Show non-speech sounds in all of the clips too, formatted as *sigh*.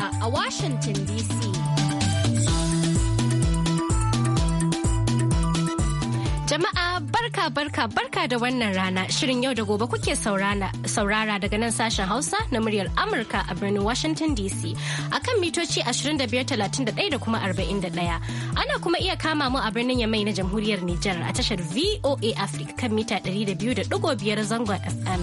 a Washington DC. Jama'a barka barka barka da wannan rana shirin yau da gobe kuke saurara daga nan sashen Hausa na muryar Amurka a birnin Washington DC akan mitoci 2531 da kuma 41. Ana kuma iya kama mu a birnin Yamai na Jamhuriyar Nijar a tashar VOA Africa kan mita 200.5 zangon FM.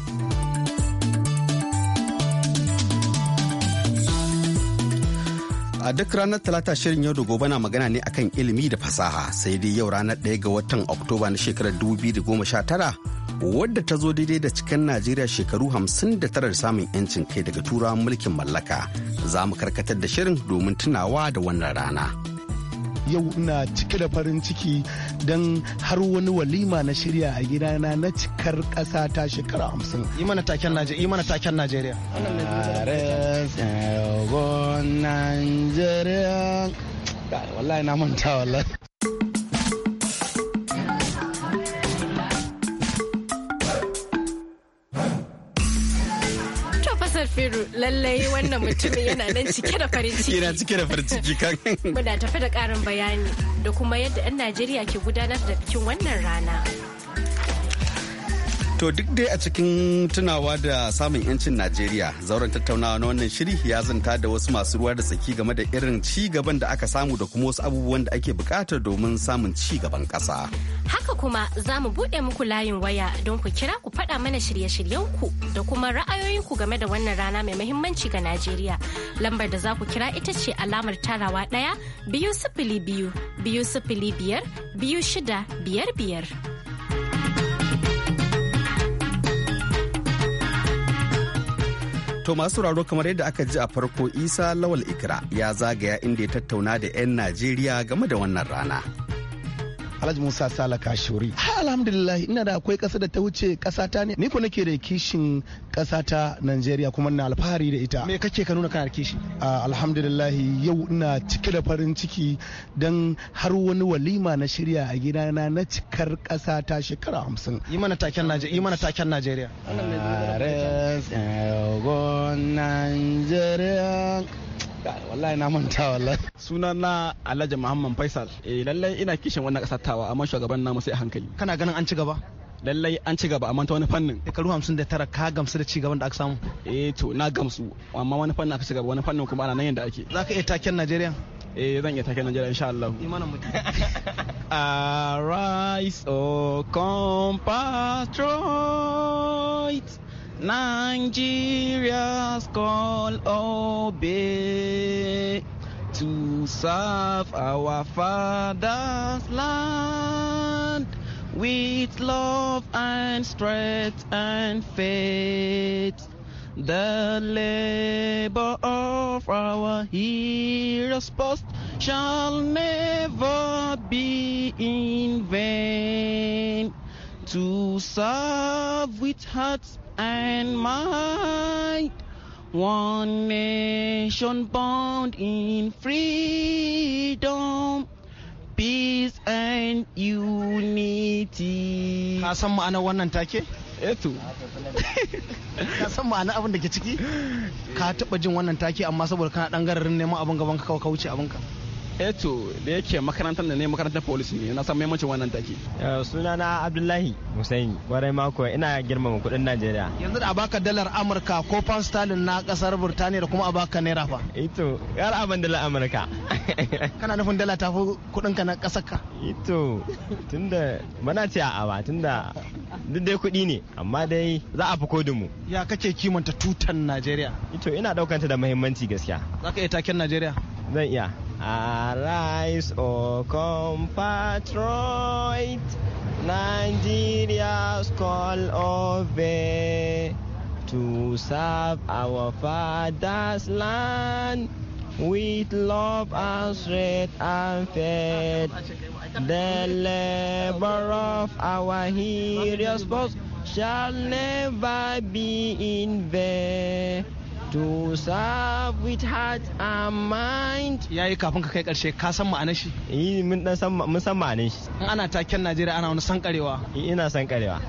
A duk ranar Talata shirin yau da gobe na magana ne akan ilimi da fasaha sai dai yau ranar ɗaya ga watan Oktoba na shekarar 2019 wadda ta zo daidai da cikin Najeriya shekaru 59 da samun 'yancin kai daga turawan mulkin mallaka. Za mu karkatar da shirin domin tunawa da wannan rana. yau ina cike da farin ciki don har wani walima na shirya a gidana na cikar ƙasa ta shekara hamsin. Yi mana taken Najeriya. Yi mana taken Najeriya. Najeriya. Wallahi na manta wallahi. firu lallai wannan mutumin yana nan cike da farin ciki. Yana cike da farin ciki kan. Muna tafi da karin bayani da kuma yadda 'yan Najeriya ke gudanar da bikin wannan rana. To duk dai a cikin tunawa da samun 'yancin Najeriya, zauren tattaunawa na wannan shiri ya zanta da wasu masu ruwa da tsaki game da irin ci gaban da aka samu da kuma wasu abubuwan da ake bukatar domin samun ci gaban ƙasa. Haka kuma za mu buɗe muku layin waya don ku kira ku faɗa mana shirye-shiryenku da kuma ra'ayoyinku game da wannan rana mai muhimmanci ga Najeriya. Lambar da za ku kira ita ce alamar tarawa ɗaya biyu sifili biyu biyu sifili biyar biyu shida biyar biyar. To masu sauraro kamar yadda aka ji a farko Isa Lawal Ikra ya zagaya inda ya tattauna da 'yan Najeriya game da wannan rana. Alhaji Musa Sala Kashuri. Ha alhamdulillah ina da akwai ƙasa da ta wuce ƙasa ta ne. Ni ko nake da kishin ƙasa ta Najeriya kuma na alfahari da ita. Me kake ka nuna kana da kishi? Alhamdulillah yau ina cike da farin ciki dan har wani walima na shirya a gida na na cikar ƙasa ta shekara hamsin. Yi mana taken Najeriya. Yi mana taken Najeriya. Najeriya. wallahi na manta wallahi sunan na Alhaji Muhammad Faisal eh lallai ina kishin wannan kasar tawa amma shugaban namu sai a hankali kana ganin an ci gaba lallai an ci gaba amma ta wani fannin shekaru tara ka gamsu da cigaban da aka samu eh to na gamsu amma wani fannin aka ci gaba wani fannin kuma ana nan yadda ake zaka iya taken Najeriya eh zan iya taken Najeriya insha Allah imanin mutum *laughs* arise o compatriots Nigeria's call obey to serve our father's land with love and strength and faith. The labor of our heroes post shall never be in vain. to serve with heart and mind. One nation bound in freedom, peace and unity. Ka san ma'anar wannan take? Eto. Eh ka san ma'anar abin da ke ciki? Ka taɓa jin wannan take amma saboda kana ɗan gararin neman abin gaban ka wuce abin ka. eto eh da yake makarantar da ne makarantar polisi ne na san muhimmancin wannan take suna na abdullahi husaini warai mako ina girmama kudin najeriya yanzu da abaka dalar amurka ko pound sterling na kasar burtaniya da kuma abaka naira fa ito eh yar abin dalar amurka kana nufin dala ta fi kudin ka na eh kasar ka ito tunda bana ce a ba tunda duk dai kudi ne amma dai za a fi kodin mu ya kake kimanta tutan najeriya ito ina daukanta da muhimmanci gaskiya zaka iya taken najeriya zan iya Arise, O compatriot, Nigeria's call over to serve our father's land with love and strength and faith. The labor of our heroes shall never be in vain. to serve with heart and mind Ya yi kafin ka kai karshe ka san ma'anar shi eh mun dan san mun san ma'anar shi ana taken Najeriya ana wani sankarewa eh, ina sankarewa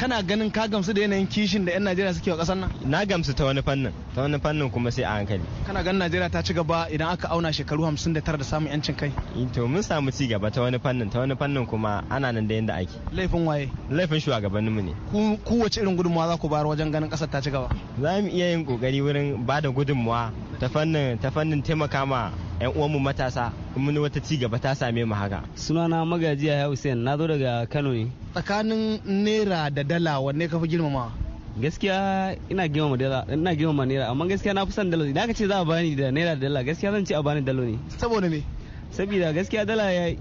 kana ganin ka gamsu da yanayin kishin da 'yan najeriya suke wa kasar nan na gamsu ta wani fannin ta wani fannin kuma sai a hankali kana ganin najeriya ta ci gaba idan aka auna shekaru 59 da samun yancin kai eh to mun samu ci gaba ta wani fannin ta wani fannin kuma ana nan da yanda ake laifin waye laifin shugabannin mu ne ku wace irin gudunmawa za ku bayar wajen ganin kasar ta ci gaba za mu iya yin kokari wurin ba da gudunmawa ta fannin ta fannin taimaka ma 'yan uwanmu matasa mun wata ci gaba ta same mu haka sunana magajiya ya hussein na zo daga kano ne tsakanin naira da dala wanne ka fi girmama gaskiya ina girmama dala ina girmama naira amma gaskiya na fi son dala idan ka ce za a bani da naira da dala gaskiya zan ce a bani dala ne saboda me saboda gaskiya dala ya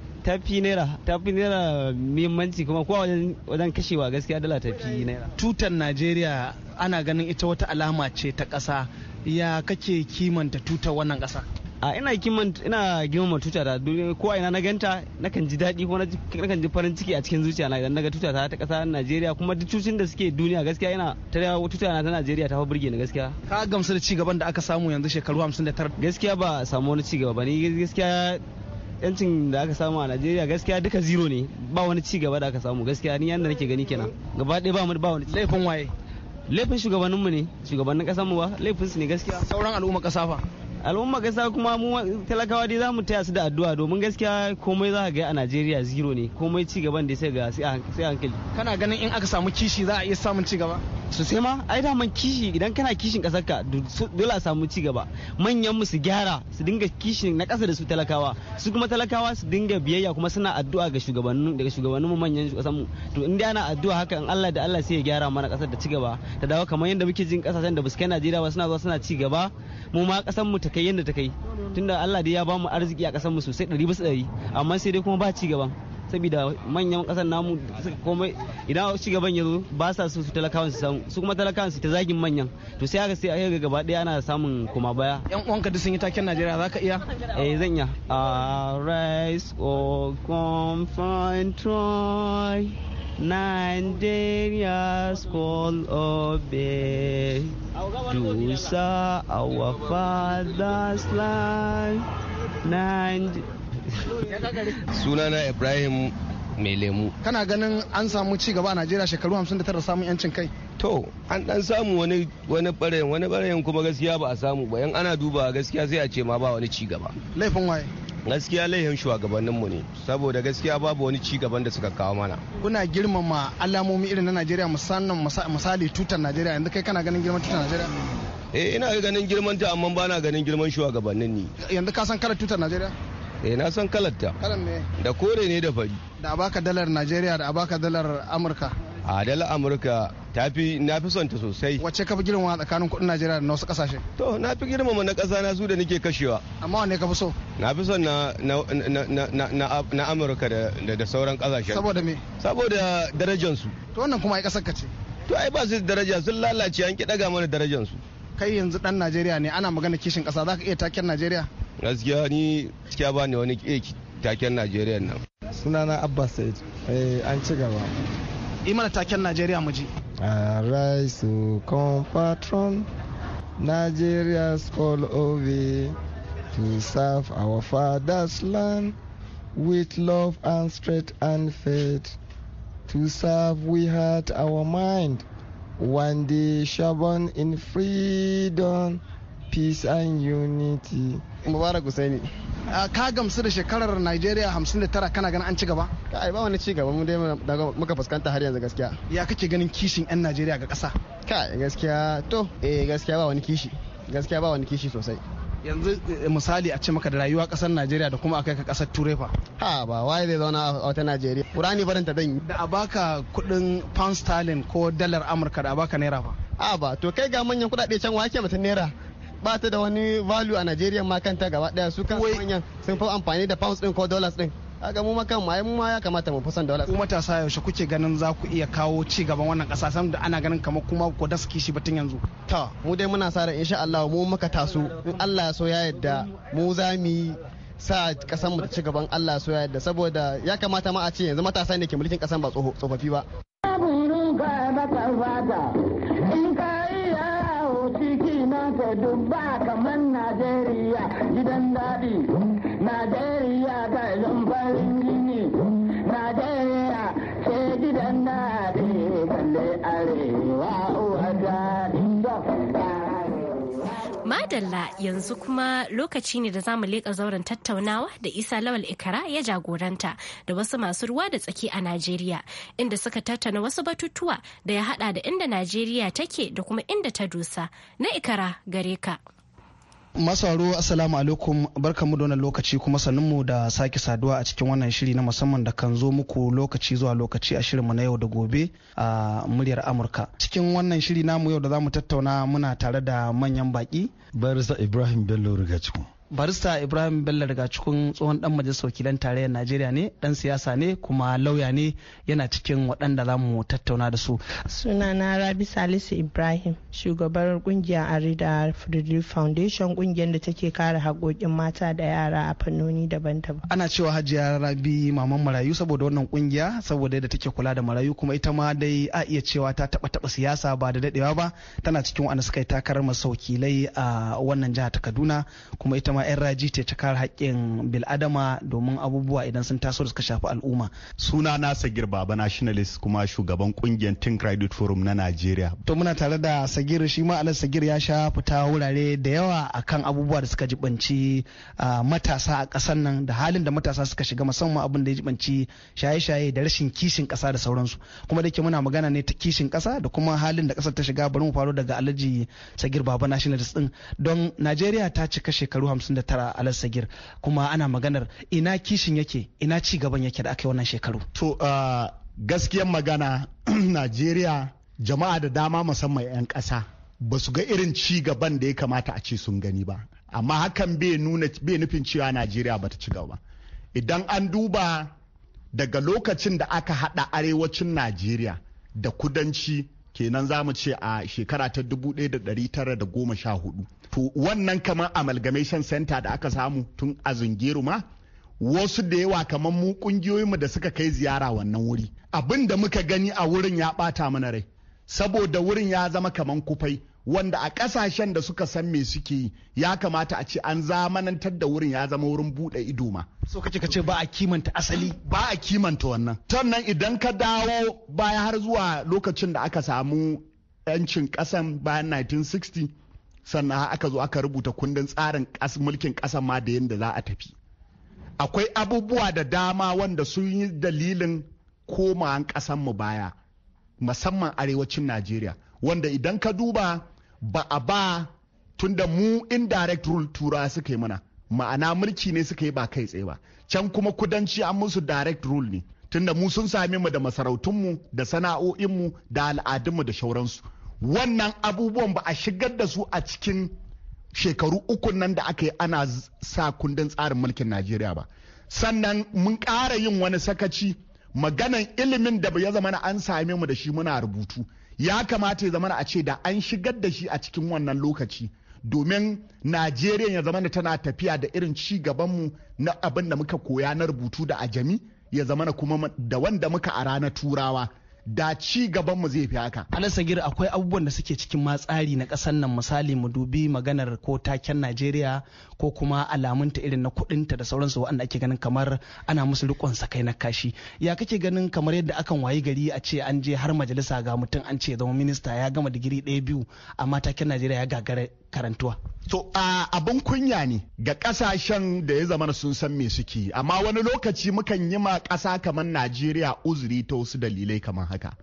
fi naira fi naira muhimmanci kuma kowa wajen kashewa gaskiya dala ta fi naira tutan najeriya ana ganin ita wata alama ce ta ƙasa ya kake kimanta tutar wannan ƙasa a ina kiman ina girmama tuta ta ko ina na ganta na kan ji daɗi ko na kan ji farin ciki a cikin zuciya na idan ga tuta ta ta ƙasa Najeriya kuma duk tutun da suke duniya gaskiya ina ta tuta na ta Najeriya ta fa burge ni gaskiya ka gamsu da cigaban da aka samu yanzu shekaru 59 gaskiya ba samu wani cigaba ba ni gaskiya yancin da aka samu a Najeriya gaskiya duka zero ne ba wani cigaba da aka samu gaskiya ni yanda nake gani kenan gaba ɗaya ba mu ba wani laifin waye laifin shugabanninmu ne shugabannin ƙasarmu ba laifinsu ne gaskiya sauran al'umma ƙasa fa al'umma gasa kuma mu talakawa dai mu taya su da addu'a domin gaskiya komai za ka ga a Najeriya zero ne komai ci gaban da sai ga sai hankali kana ganin in aka samu kishi za a iya samun ci gaba sosai ma ai da man kishi idan kana kishin kasar ka dole a samu ci gaba manyan mu su gyara su dinga kishin na kasa da su talakawa su kuma talakawa su dinga biyayya kuma suna addu'a ga shugabannin daga shugabannin mu manyan kasar mu to in dai ana addu'a haka in Allah da Allah sai ya gyara mana kasar da ci gaba ta dawo kamar yadda muke jin kasashen da kai Najeriya ba suna zuwa suna ci gaba mu ma kasar mu ta kai yadda ta kai tunda Allah dai ya ba mu arziki a kasar mu sosai 100 bisa 100 amma sai dai kuma ba ci gaba saboda manyan kasar namu suka komai idan shugaban ya zo ba sa su su talakawan su samu su kuma talakawan su ta zagin manyan to sai aka sai aka gaba daya ana samun koma baya yan uwanka duk sun yi taken Najeriya za ka iya eh zan iya arise or come find try Nigeria school obey to our father's land Nigeria *laughs* sunana ibrahim mai lemu kana ganin an samu ci gaba a najeriya shekaru 59 samun yancin kai to an dan samu wani wani barayin wani barayin kuma gaskiya ba a samu ba yan ana duba gaskiya sai a ce ma ba wani ci gaba laifin waye gaskiya laifin mu ne saboda gaskiya babu wani ci gaban da suka kawo mana kuna girmama alamomi irin na najeriya musamman misali tutar najeriya yanzu kai kana ganin girman tutar najeriya eh ina ganin girman ta amma ba na ganin girman shugabannin ni yanzu ka san kada tutar najeriya eh na san kalarta Kalar me da kore ne da fari da abaka dalar najeriya da abaka dalar amurka a dalar amurka ta fi na fi son ta sosai wacce ka fi girmama tsakanin kudin najeriya da na wasu kasashe to na fi girmama na kasa na su da nake kashewa amma wanne ka fi so na fi son na na amurka da sauran kasashe saboda me saboda darajar su to wannan kuma ai kasar ka ce to ai ba su daraja sun lalace an ki daga mana darajar su kai yanzu dan najeriya ne ana magana kishin kasa zaka iya taken najeriya gaskiya ni cikiya ba ne wani eh, taken najeriya nan sunana abbas said eh, an ci gaba imana taken najeriya mu ji arise ah, patron nigeria's all over to serve our father's land with love and strength and faith to serve we heart our mind one day shabon in freedom peace and unity mubarak Usaini. Ah, ka gamsu da shekarar Najeriya 59 kana ganin an ci gaba? Kai ba wani ci gaba mu dai muka fuskanta har yanzu gaskiya. Ya kake ganin kishin 'yan Najeriya ga ƙasa? Kai gaskiya to eh gaskiya ba wani kishi. Gaskiya ba wani kishi sosai. Yanzu eh, misali a ce maka da rayuwa ƙasar Najeriya da kuma akai ka ƙasar Turai fa. Ha ba waye zai zauna a wata Najeriya. Kurani barin ta danyi. Da a baka kuɗin pound sterling ko dalar Amurka da a baka naira fa. Ha ba to kai ga manyan kuɗaɗe can wake mutum naira. ba ta da wani value a Najeriya ma kanta gaba daya su kan manyan sun fi amfani da pounds din ko dollars din kaga mu makan ma mu ma ya kamata mu fusan dollars kuma matasa yaushe kuke ganin za ku iya kawo ci gaban wannan kasa sam da ana ganin kamar kuma ku da suke shi batun yanzu to mu dai muna sa ran insha Allah mu muka taso in Allah ya so ya yadda mu za mu sa kasan mu ta ci gaban Allah so ya yadda saboda ya kamata ma a ce yanzu matasa ne ke mulkin kasan ba tsofaffi ba ce dubba kamar Najeriya gidan daɗi. Najeriya ga farin Madalla yanzu kuma lokaci ne da zamu leƙa zauren tattaunawa da Isa Lawal Ikara ya jagoranta da wasu masu ruwa da tsaki a Najeriya inda suka tattauna wasu batutuwa da ya hada da inda Najeriya take da kuma inda ta dusa na Ikara gare ka. masaro asalamu alaikum barkamu da wannan lokaci kuma mu da sake saduwa a cikin wannan shiri na musamman da kan zo muku lokaci zuwa lokaci a shirinmu na yau da gobe a muryar Amurka. Cikin wannan shiri namu yau da za mu tattauna muna tare da manyan baki. sa Ibrahim Bello Riga cikin barista ibrahim bello daga cikin tsohon dan majalisar wakilan tarayyar najeriya ne dan siyasa ne kuma lauya ne yana cikin waɗanda za mu tattauna da su sunana rabi salisu ibrahim shugabar kungiyar arida relief foundation kungiyar da take kare haƙoƙin mata da yara a fannoni daban-daban ana cewa hajiya rabi maman marayu saboda wannan kungiya saboda da take kula da marayu kuma ita ma dai a iya cewa ta taba taba siyasa ba da daɗewa ba tana cikin wanda suka yi takarar masauki a wannan jihar ta kaduna kuma ita ma 'yan raji ta kare haƙƙin bil'adama domin abubuwa idan sun taso da suka shafi al'umma. Suna nasa girba ba nationalist kuma shugaban kungiyar tin Credit Forum na Najeriya. To muna tare da Sagir shi ma alas Sagir ya sha fita wurare da yawa akan abubuwa da suka jibanci matasa a ƙasar nan da halin da matasa suka shiga musamman abin da ya jibanci shaye-shaye da rashin kishin ƙasa da sauransu. Kuma da ke muna magana ne ta kishin ƙasa da kuma halin da ƙasar ta shiga bari mu faro daga Alhaji Sagir Baba nationalist din don Najeriya ta cika shekaru hamsin 59 alassagir kuma ana maganar ina kishin yake ina ci gaban yake da aka yi wannan shekaru to gaskiyar magana *clears throat* najeriya jama'a da dama musamman 'yan ƙasa ba su ga irin ci gaban da ya kamata a ce sun gani ba amma hakan bai nufin cewa najeriya ba ta ci gaba idan an duba daga lokacin da aka haɗa arewacin najeriya da kudanci kenan za mu ce a shekara ta 1914 to wannan kamar amalgamation center da aka samu tun a zungeru ma wasu da yawa kamar mu kungiyoyinmu da suka kai ziyara wannan wuri abin da muka gani a wurin ya bata mana rai saboda wurin ya zama kamar kufai wanda a kasashen da suka san me suke yi ya kamata a ce an zamanantar da wurin ya zama wurin bude ido ma so kace kace ba a kimanta asali ba a kimanta wannan sannan idan ka dawo baya har zuwa lokacin da aka samu yancin kasan bayan 1960 sannan aka zo aka rubuta kundin tsarin mulkin kasan ma da yadda za a tafi akwai abubuwa da dama wanda sun yi dalilin komawan kasan mu baya musamman arewacin najeriya wanda idan ka duba ba a ba tunda mu indirect rule tura suka yi mana ma'ana mulki ne suka yi ba kai tsaye ba can kuma kudanci an musu direct rule ne tunda mu sun sami mu da masarautunmu da sana'o'inmu da al'adunmu da shauransu wannan abubuwan ba a shigar da su a cikin shekaru uku nan da aka yi ana sa kundin tsarin mulkin najeriya ba sannan mun ƙara yin wani sakaci maganan ilimin da ya zama an same mu da shi muna rubutu ya kamata ya zamana a ce da an shigar da shi a cikin wannan lokaci domin najeriya ya zamana tana tafiya da irin ci gabanmu na abin da muka koya na rubutu da ajami ya zamana kuma da wanda muka a ranar turawa da ci gaban mu zai fi haka. Alasagir akwai abubuwan da suke cikin matsari na ƙasar nan misali mu dubi maganar ko taken Najeriya ko kuma alamunta irin na ta da sauransu waɗanda ake ganin kamar ana musu rikon kai na kashi. Ya kake ganin kamar yadda akan wayi gari a ce an je har majalisa ga mutum an ce zama minista ya gama digiri ɗaya biyu amma taken Najeriya ya gagara karantuwa. To a abin kunya ne ga kasashen da ya zama sun san me suke amma wani lokaci mukan yi ma kasa kamar Najeriya uzuri ta wasu dalilai kamar haka.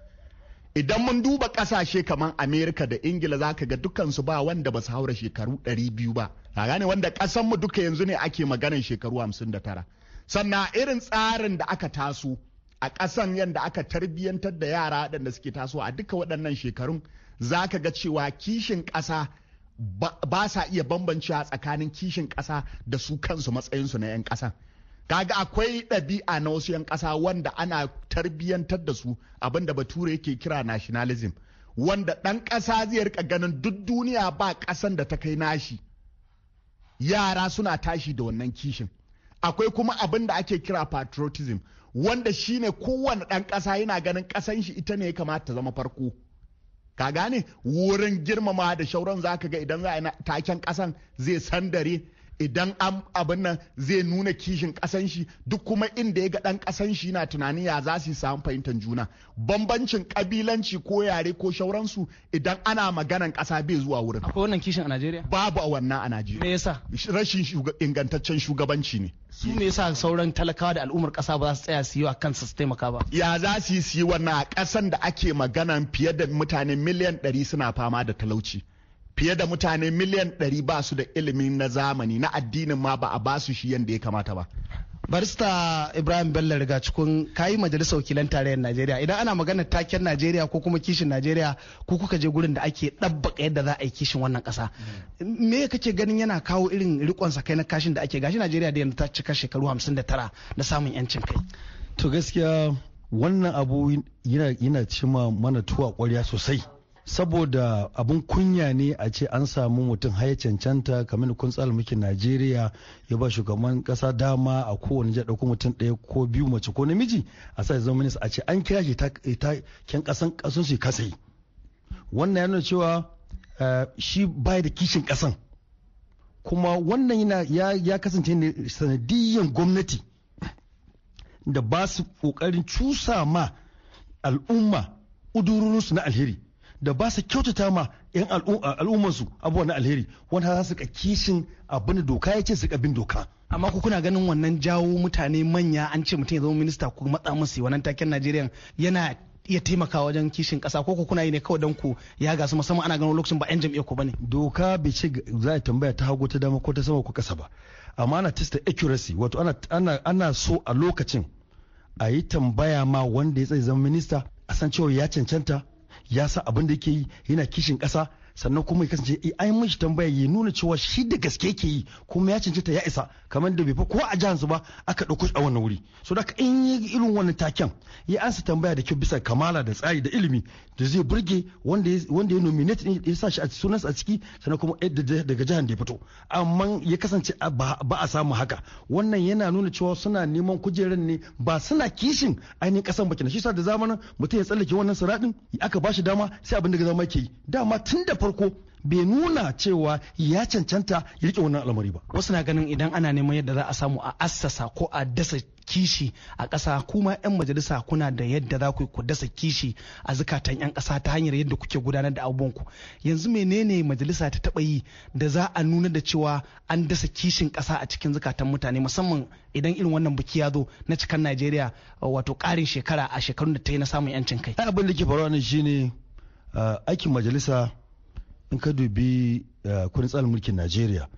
Idan mun duba ƙasashe kamar Amerika da Ingila za ka ga dukansu ba wanda ba su haura shekaru ɗari biyu ba. Ka gane wanda ƙasanmu duka yanzu ne ake maganar shekaru hamsin da tara. Sannan irin tsarin da aka taso a ƙasan yadda aka tarbiyyantar da yara waɗanda suke taso a duka waɗannan shekarun za ka ga cewa kishin ƙasa ba sa iya bambancewa tsakanin kishin ƙasa da su kansu matsayinsu na 'yan ƙasa kaga akwai ɗabi'a na wasu 'yan ƙasa wanda ana tarbiyyantar da su abinda bature yake kira nationalism wanda ɗan ƙasa zai rika ganin duk duniya ba ƙasan da ta kai nashi yara suna tashi da wannan kishin akwai kuma abin da ake kira patriotism wanda shine kowane ɗan ƙasa yana ganin ƙasan shi ita ne ya kamata ta zama farko ka gane wurin girmama da shauran ka ga idan za a yi taken kasan zai san dare? idan abin nan zai nuna kishin kasan shi duk kuma inda ya ga dan kasan shi na tunanin ya za su samu fahimtar juna bambancin kabilanci ko yare ko shauransu idan ana maganan kasa bai zuwa wurin akwai wannan kishin a Najeriya babu a wannan a Najeriya me yasa rashin ingantaccen shugabanci ne su me yasa sauran talakawa da al'ummar kasa ba za su tsaya su yi wa kansu su taimaka ba ya za su yi wannan a kasan da ake maganan fiye da mutane miliyan 100 suna fama da talauci fiye da mutane miliyan 100 ba su da ilimin na zamani na addinin ma ba a ba su shi yadda ya kamata ba barista ibrahim bello riga cikin kayi majalisar wakilan tarayyar najeriya idan ana magana taken najeriya ko kuma kishin najeriya ko kuka je gurin da ake ɗabbaka yadda za a yi kishin wannan ƙasa me kake ganin yana kawo irin rikon sa kai na kashin da ake gashi najeriya da yanzu ta cika shekaru 59 da samun yancin kai to gaskiya wannan abu yana cima mana tuwa kwarya sosai saboda abun kunya ne a ce an samu mutum haya cancanta kamar kun tsalmiki najeriya ya ba shugaban kasa dama a kowane ja ɗauko mutum ɗaya ko biyu mace ko namiji a sa zama minista a ce an kira shi ta kyan kasan kasan shi kasai wannan ya cewa eh, shi bai da kishin kasan kuma wannan yana ya kasance ne sanadiyyan gwamnati da ba su ƙoƙarin cusa ma al'umma udurorinsu na alheri da ba su kyautata ma 'yan al'ummarsu abubuwan na alheri wanda za su ka kishin abin doka ya ce su ka bin doka amma ku kuna ganin wannan jawo mutane manya an ce mutum ya zama minista ku matsa musu wannan taken najeriya yana iya taimaka wajen kishin kasa ko kuna yi ne kawai don ku ya gasu musamman ana ganin lokacin ba 'yan jam'iyyar ku bane doka bai ce za a tambaya ta hagu ta dama ko ta sama ko kasa ba amma ana testa accuracy wato ana, ana so a lokacin a yi tambaya ma wanda ya tsaye zama minista a san cewa ya cancanta ya sa abin da yake yi yana kishin ƙasa sannan kuma ya kasance eh, ai mishi tambaya ya nuna cewa shi da gaske ke yi kuma ya cancanta ya isa kamar da bai fa ko a jihar su ba aka ɗauko a wannan wuri so da in yi irin wannan taken ya ansa tambaya da kyau bisa kamala da tsari da ilimi da zai burge wanda ya nominate ya sa shi a sunansa a ciki sannan kuma daga jihar da ya fito amma ya kasance ba a samu haka wannan yana nuna cewa suna neman kujerar ne ba suna kishin ainihin kasan bakin shi sa da zamanin mutum ya tsallake wannan siraɗin aka ba shi dama sai abin da zama ke yi dama tun da farko bai nuna cewa ya cancanta ya rike wannan al'amari ba wasu na ganin idan ana neman yadda za a samu a assasa ko a dasa kishi a ƙasa kuma 'yan majalisa kuna da yadda za ku ku dasa kishi a zukatan 'yan ƙasa ta hanyar yadda kuke gudanar da abubuwanku yanzu menene majalisa ta taɓa yi da za a nuna da cewa an dasa kishin ƙasa a cikin zukatan mutane musamman idan irin wannan biki ya zo na cikin najeriya wato ƙarin shekara a shekarun da ta yi na samun 'yancin kai abin da ke faruwa ne shine ah, aikin majalisa in ka dubi eh, kudin tsarin mulkin najeriya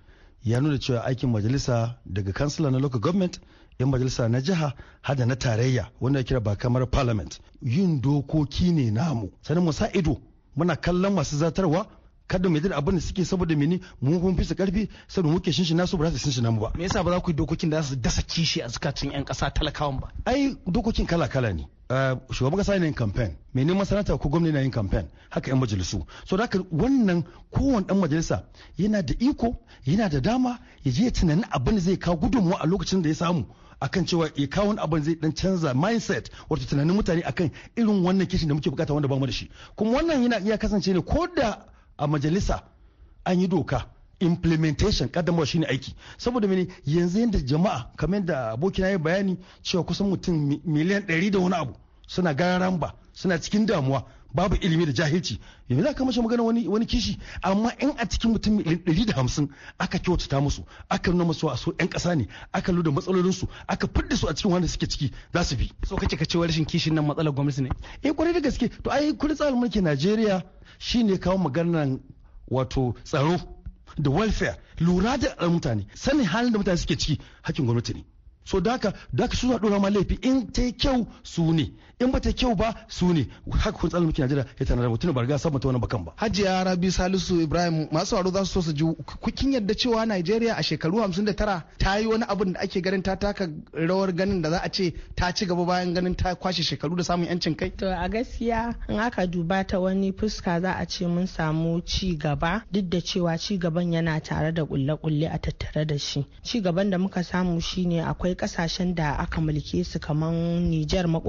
ya nuna cewa aikin majalisa daga kansila na local government yan majalisa na jiha hada na tarayya wanda ya kira ba kamar parliament yin dokoki ne namu sanin mu ido muna kallon masu zatarwa kada mai abin da suke saboda mini mu kun fi su karfi saboda muke shinshina su ba za su shinshina mu ba me yasa ba za ku yi dokokin da za su dasa kishi a zakatun yan kasa talakawan ba ai dokokin kala kala ne eh, shugaban kasa yana yin campaign mai neman sanata ko gwamnati yana yin campaign haka yan majalisu so da wannan kowane dan majalisa yana da iko yana da dama ya je ya tunanin abin da zai kawo gudunmuwa a lokacin da ya samu akan cewa ya kawo abin zai dan canza mindset wato tunanin mutane akan irin wannan kishin da muke bukata wanda bamu da shi kuma wannan yana iya kasance ne ko da a majalisa an yi doka implementation shi shine aiki saboda mene yanzu yadda jama'a kamar da abokina ya bayani cewa kusan mutum miliyan 100 da wani abu suna gara ba suna cikin damuwa babu ilimi da jahilci yanzu za ka mace magana wani wani kishi amma in a cikin mutum 150 da hamsin aka kyautata musu aka nuna musu a so yan kasa ne aka lura matsalolinsu aka fidda su a cikin wanda suke ciki za su bi. so kace ka cewa rashin kishin nan matsalar gwamnati ne. eh kwarai da gaske to ai kudin tsarin mulkin najeriya shine kawo maganar wato tsaro da welfare lura da mutane sanin halin da mutane suke ciki hakkin gwamnati ne. so daka daka su dora ma laifi in ta yi kyau su ne in ba ta yi kyau ba su ne haka kun tsarin mulkin Najeriya ya tana da mutum ba riga sa mata wani bakan ba Hajiya Rabi Salisu Ibrahim masu waro za su so su ji kukin yadda cewa Najeriya a shekaru 59 ta yi wani abin da ake ganin ta taka rawar ganin da za a ce ta ci gaba bayan ganin ta kwashe shekaru da samun yancin kai to a gaskiya in aka duba ta wani fuska za a ce mun samu ci gaba duk da cewa ci gaban yana tare da kulle-kulle a tattare da shi ci gaban da muka samu shine akwai kasashen da aka mulke su kamar Nijar mu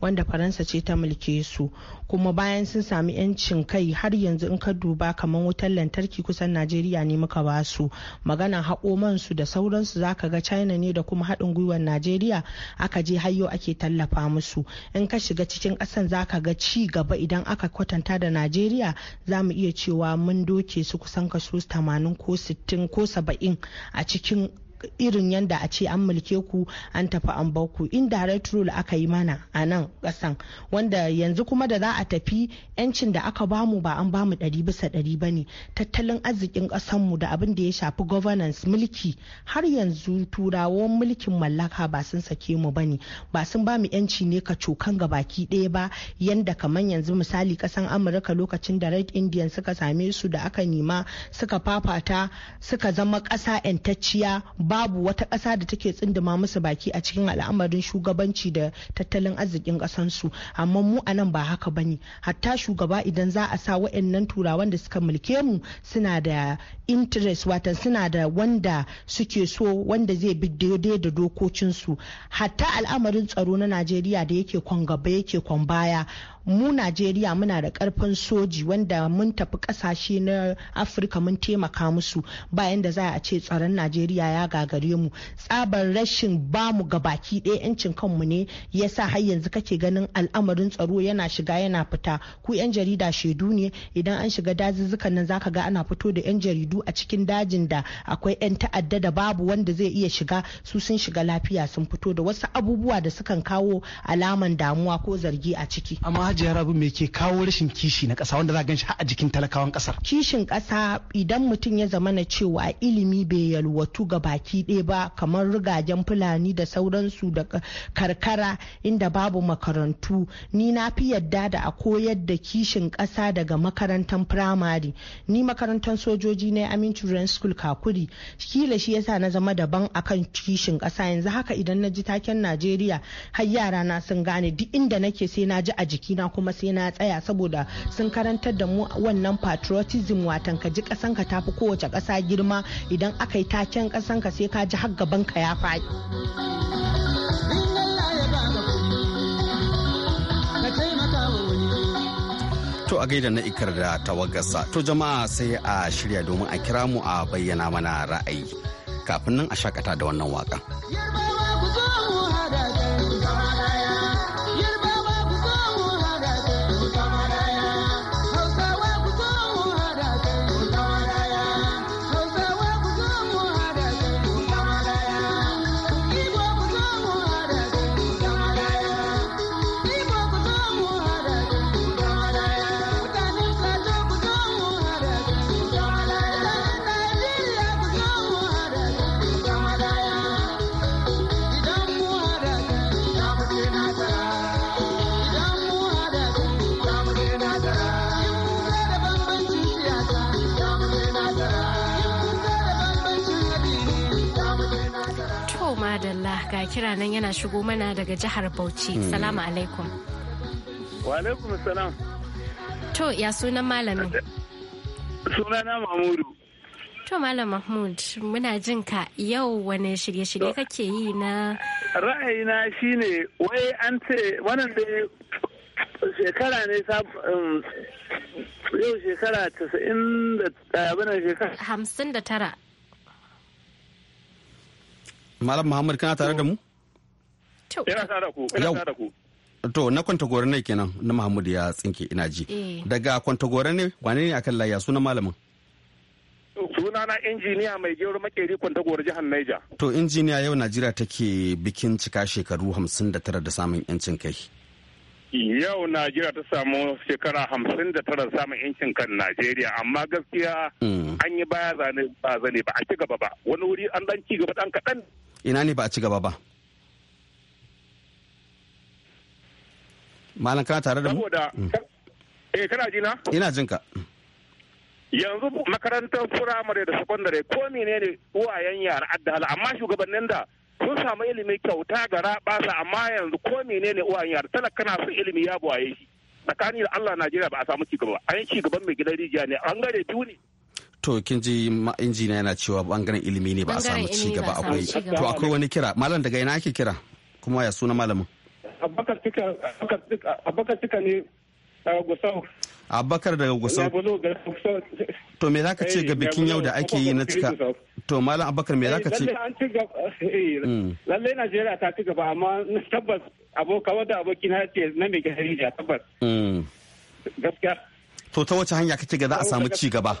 wanda Faransa ce ta mulke su kuma bayan sun sami 'yancin kai har yanzu in ka duba kamar wutar lantarki kusan Najeriya ne muka ba su magana haƙo su da sauransu ka ga China ne da kuma haɗin gwiwar Najeriya aka je hayo ake tallafa musu in ka shiga cikin ƙasan za ka ga ci gaba idan aka kwatanta da Najeriya za mu iya cewa mun doke su kusan kaso 80 ko 60 ko 70 a cikin irin yanda a ce an mulke ku an tafi an bar ku direct rule aka yi mana a nan kasan wanda yanzu kuma da za a tafi yancin da aka bamu ba an bamu ɗari bisa ɗari ba ne tattalin arzikin mu da abin da ya shafi governance mulki har yanzu turawan mulkin mallaka ba sun sake mu ba ne ba sun bamu yanci ne ka cokan ga baki ɗaya ba yanda kamar yanzu misali kasan amurka lokacin da red indian suka same su da aka nima suka fafata suka zama ƙasa 'yantacciya babu wata ƙasa da take tsindima musu baki a cikin al'amarin shugabanci da tattalin arzikin ƙasansu amma mu a nan ba haka bane hatta shugaba idan za a sa wa'annan turawan da suka mulke mu suna da interest watan suna da wanda suke so wanda zai bi daidai da dokokinsu hatta al'amarin tsaro na najeriya da yake kwan gaba yake kwan baya mu najeriya muna da karfin soji wanda mun tafi kasashe na afirka mun taimaka musu bayan da za a ce tsaron najeriya ya gagare mu tsabar rashin bamu ga baki ɗaya yancin kanmu ne ya sa har yanzu kake ganin al'amarin tsaro yana shiga yana fita ku yan jarida shaidu ne idan an shiga dazuzzukan nan zaka ga ana fito da yan jaridu a cikin dajin da akwai yan ta'adda da babu wanda zai iya shiga su sun shiga lafiya sun fito da wasu abubuwa da sukan kawo alaman damuwa ko zargi a ciki amma hajiya rabu me ke kawo rashin kishi na kasa wanda za gan shi a jikin talakawan ƙasar kishin ƙasa idan mutum ya zama na cewa ilimi bai yalwatu ga baki ɗaya ba kamar rugajen fulani da sauransu da karkara inda babu makarantu ni na fi yadda da a koyar da kishin kasa daga makarantar firamare ni makarantar sojoji na amin children school kakuri kila shi yasa na zama daban a kan kishin ƙasa yanzu haka idan na ji taken najeriya har yara na sun gane duk inda nake sai na ji a jiki na kuma sai na tsaya saboda sun karantar da mu wannan patriotism watan ka ji kasan ka tafi kowace kasa girma idan aka yi taken kasan ka sai ka ji har gaban ka ya faɗi. To a gaida na ikar da tawagarsa. To jama'a sai a shirya domin a kira mu a bayyana mana ra'ayi. Kafin nan a shakata da wannan waka. Yarbawa ku zo ga kira nan yana shigo mana daga jihar Bauchi. Hmm. Salamu alaikum. Wa alaikum salam. To ya sunan malamin. Sunana Mahmudu. To Malam Mahmud muna jin ka yau wani shirye-shirye kake yi na ra'ayina ne wai an ce wannan da shekara ne um, yau shekara 99 da shekara hamsin da tara Malam Muhammad kana tare da mu? Ina tare da ku, ina tare da ku. To na kwanta gore ne kenan na Muhammad ya tsinke ina ji. Eh. Daga kwanta gore ne wane ne akan layya sunan malamin? Suna na injiniya mai gero makeri kwanta gore jihar Niger. To injiniya yau Najeriya take bikin cika shekaru hamsin da tara da samun yancin kai. Yau Najeriya ta samu shekara hamsin da tara samun yancin kan Najeriya amma gaskiya mm. an yi baya zane ba zane ba a ci gaba ba wani wuri an dan ci gaba dan kaɗan ina ne ba a ci gaba ba malam kana tare da mu saboda mm. eh kana ji na ina jin ka mm. yanzu makarantar firamare da sakandare ko menene uwayen yara addala? amma shugabannin da sun samu ilimi kyauta ga sa amma yanzu ko menene uwayen yara talaka kana su ilimi ya buwaye shi Tsakani da Allah Najeriya ba a samu cigaba ba an yi cigaban mai gidan rijiya ne an gare biyu ne to kin ji ma injina yana cewa bangaren ilimi ne ba a samu ci gaba akwai to akwai wani kira malam daga ina ake kira kuma ya suna malamin abakar cika ne uh, daga gusau abakar daga gusau to me zaka ce eh, ga bikin yau da ake yi na cika to malam abakar me zaka eh, ce eh, mm. lallai najeriya ta ci gaba amma na tabbas abokan wadda abokina ce na mai gari tabbas mm. gaskiya to ta wace hanya kake ga za a samu ci gaba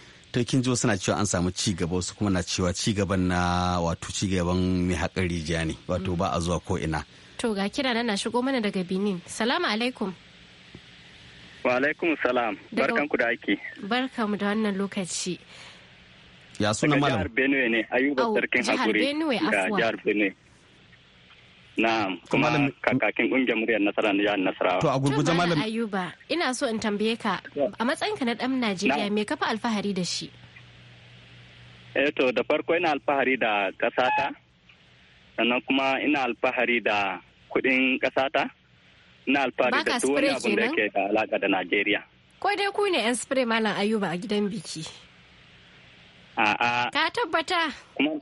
to kin ji wasu na cewa an samu ci gaba wasu kuma na cewa ci gaban na wato ci mai haƙar rijiya ne wato ba a zuwa ko ina to ga kira na shigo mana daga Benin salamu alaikum wa alaikum salam barkan ku da ake. barka mu da wannan lokaci ya suna malam jihar Benue ne ayuba sarkin hakuri jihar Benue Na'am, kuma kakakin ƙungiyar muryar nasara na jihar Nasarawa. To a gurguje malam Ayuba, ina so in tambaye ka a matsayinka na ɗan Najeriya me kafa alfahari da shi? Eh to da farko ina alfahari da ƙasata sannan kuma ina alfahari da kuɗin ƙasata ina alfahari da duk wani abin da yake da alaƙa da Najeriya. Ko dai ku ne yan spray malam Ayuba a gidan biki? A'a. Ka tabbata. Kuma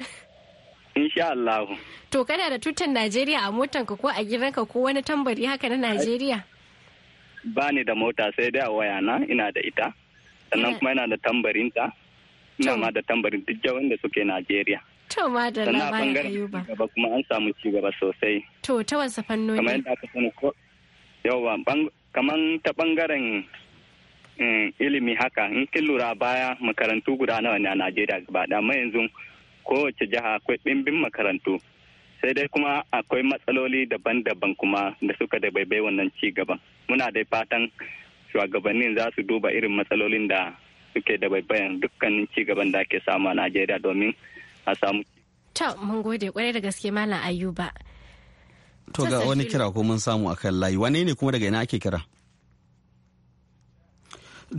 Insha Allah. To kana da tutan Najeriya a motanka ko a gidanka ko wani tambari haka na Najeriya? Ba ni da mota sai dai a waya na ina da ita. Sannan kuma ina da ta. Ina ma da tambarin duk wanda suke Najeriya. To ma da labarin Ayuba. ba. kuma an samu ci gaba sosai. To ta wasu fannoni. Kamar yadda aka sani ko yawa kamar ta bangaren eh, ilimi haka in kin lura baya makarantu guda nawa ne a Najeriya gaba da amma yanzu kowace jiha akwai ɗimbin makarantu sai dai kuma akwai matsaloli daban-daban kuma da suka da wannan ci gaban muna dai fatan shugabannin za su duba irin matsalolin da suke da dukkanin ci gaban da ake samu a najeriya domin a samu ta mun gode kwarai da gaske malam ayuba to ga wani kira ko mun samu akan layi wane ne kuma daga ina ake kira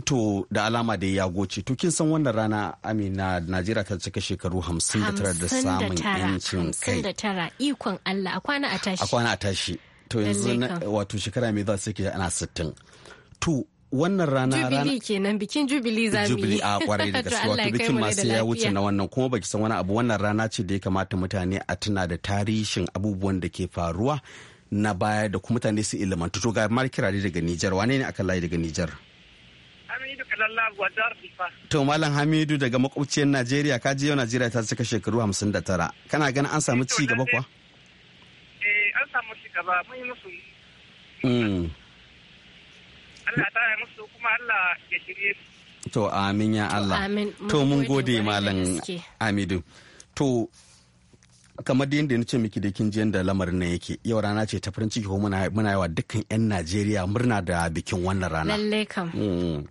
to da alama da ya goce to kin san wannan rana amina najeriya ta cika shekaru 59 da samun yancin kai ikon allah a kwana a tashi a kwana a tashi to yanzu wato shekara mai za su ke ana 60 to wannan rana jubili kenan bikin jubili za mu jubili a ah, kwarai da *laughs* gaske wato bikin masu ya wuce na wannan kuma baki san wani abu wannan rana ce da ya kamata mutane a tuna da tarihin abubuwan da ke faruwa na baya da kuma mutane su ilimantu to ga kirari daga Nijar wane ne aka layi daga Nijar Hamidu Kalalla Gwadar Difa. To Malam Hamidu daga makwabciyar Najeriya ka je yau Najeriya ta cika shekaru hamsin da tara. Kana ganin an samu ci gaba kuwa? Eh an samu ci gaba mun yi musu. Mm. Allah ta yi musu kuma Allah ya shirye su. To amin ya Allah. To mun gode Malam Hamidu. To kamar da yadda na ce miki da kin ji yadda lamarin nan yake yau rana ce ta farin ciki ko muna yawa dukkan 'yan najeriya murna da bikin wannan rana lalle kam mm.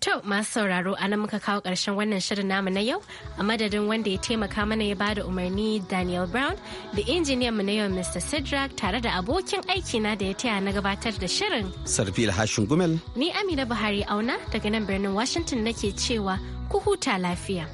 To masu sauraro a nan muka kawo ƙarshen wannan shirin namu na yau a madadin wanda ya taimaka mana ya bada umarni Daniel Brown da injiniyan mu na yau Mr. Sidrak tare da abokin aiki na da ya taya na gabatar da shirin. Sarfil Hashin Gumel. Ni Amina Buhari Auna daga nan birnin Washington nake cewa ku huta lafiya.